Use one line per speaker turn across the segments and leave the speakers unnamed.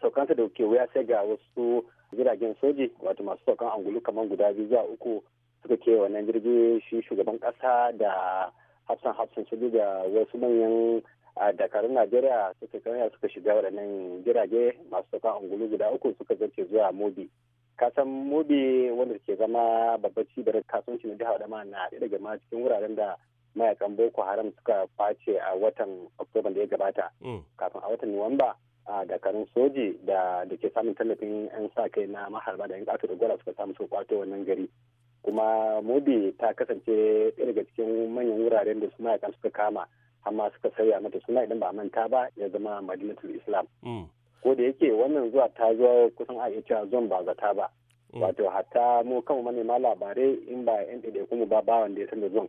saukanta da ke wuya sai ga wasu jiragen soji wato masu saukan angulu kamar guda biyu zuwa uku suka ke wannan jirgi shi shugaban kasa da hafsan hafsan soji da wasu manyan dakarun najeriya suka karya suka shiga waɗannan jirage masu saukan angulu guda uku suka zarce zuwa mobi kasan mobi wanda ke zama babban cibiyar kasuwanci na jihar adama na ɗaya daga ma cikin wuraren da mayakan boko haram suka face a watan oktoba da ya gabata mm. kafin a watan nuwamba a dakarun soji da da ke samun tallafin 'yan sa kai na maharba da 'yan ƙato da gwara suka samu su kwato wannan gari kuma mobi ta kasance ɗaya daga cikin manyan wuraren da su kan suka kama amma suka sauya mata suna idan ba manta ba ya zama madinatul islam mm. ko da yake wannan zuwa ta zo kusan a cewa zon ba zata ba mm. wato hatta mu kama manema labarai in ba yan ɗaya kuma ba bawan da ya san da zon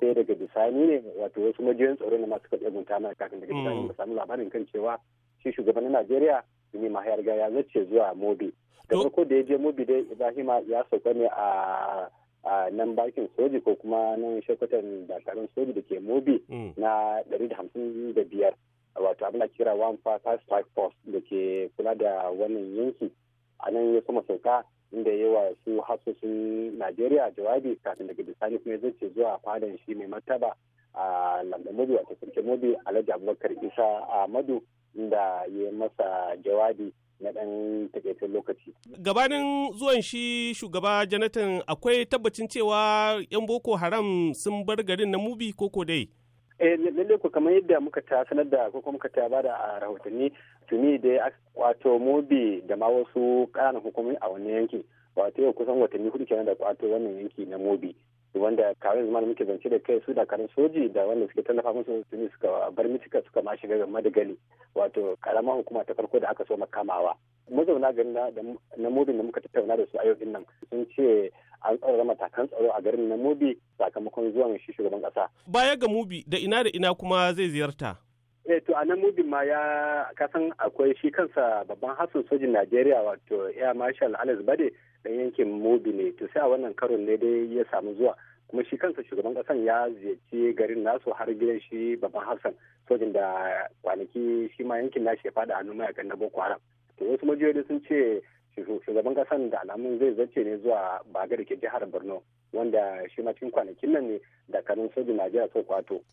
sai daga bisani ne wato wasu majiyoyin tsaro ne masu kaɗe gunta mai kafin daga bisani ba samu labarin kan cewa shi shugaban najeriya nima ya riga ya zace zuwa mobi da farko da ya je mobi dai ibrahima ya sauka ne a a nan bakin soji ko kuma nan shakwatan dakarun soji da ke mobi mm. na 155 wato abin da kira one fast strike force da ke kula da wannan yanki a nan ya kuma sauka inda yawa su hafsoshin najeriya jawabi kafin daga bisani kuma ya ce zuwa fadan shi mai martaba a lambar mobi wato sarki mobi alhaji abubakar isa ahmadu da ya masa jawabi na ɗan takaitun lokaci.
Gabanin zuwan shi shugaba Jonathan akwai tabbacin cewa 'yan Boko Haram sun bar garin na Mubi koko dai?
Eh, Lallai ku kamar yadda muka ta sanar da ko kuma muka ta ba da rahotanni tuni da ya kwato Mubi da ma wasu ƙananan hukumomi a wani yanki. Wato yau kusan watanni hudu kenan da kwato wannan yanki na Mubi. wanda kawai zuma da muke zance da kai su da karin soji da wanda suke tallafa musu su ne suka bar mitika suka ma shiga ga madagali wato karamar hukuma ta farko da aka so makamawa mazauna garin na da muka tattauna da su a yau din nan sun ce an tsara matakan tsaro a garin na mubi sakamakon zuwan shi shugaban kasa
baya ga mubi da ina da ina kuma zai ziyarta eh to a nan mudin ma ya kasan akwai shi
kansa babban hasin sojin najeriya wato air marshal alex bade dan yankin mubi ne to sai a wannan karon ne dai ya samu zuwa kuma shi kansa shugaban kasan ya ziyarci garin nasu har gidan shi babban hasan sojin da kwanaki shi ma yankin nashi ya fada hannun mayakan na boko haram to wasu majiyoyi sun ce shugaban kasan da alamun zai zace ne zuwa baga da ke jihar borno wanda shi ma cikin kwanakin nan ne da kanin sojin najeriya so kwato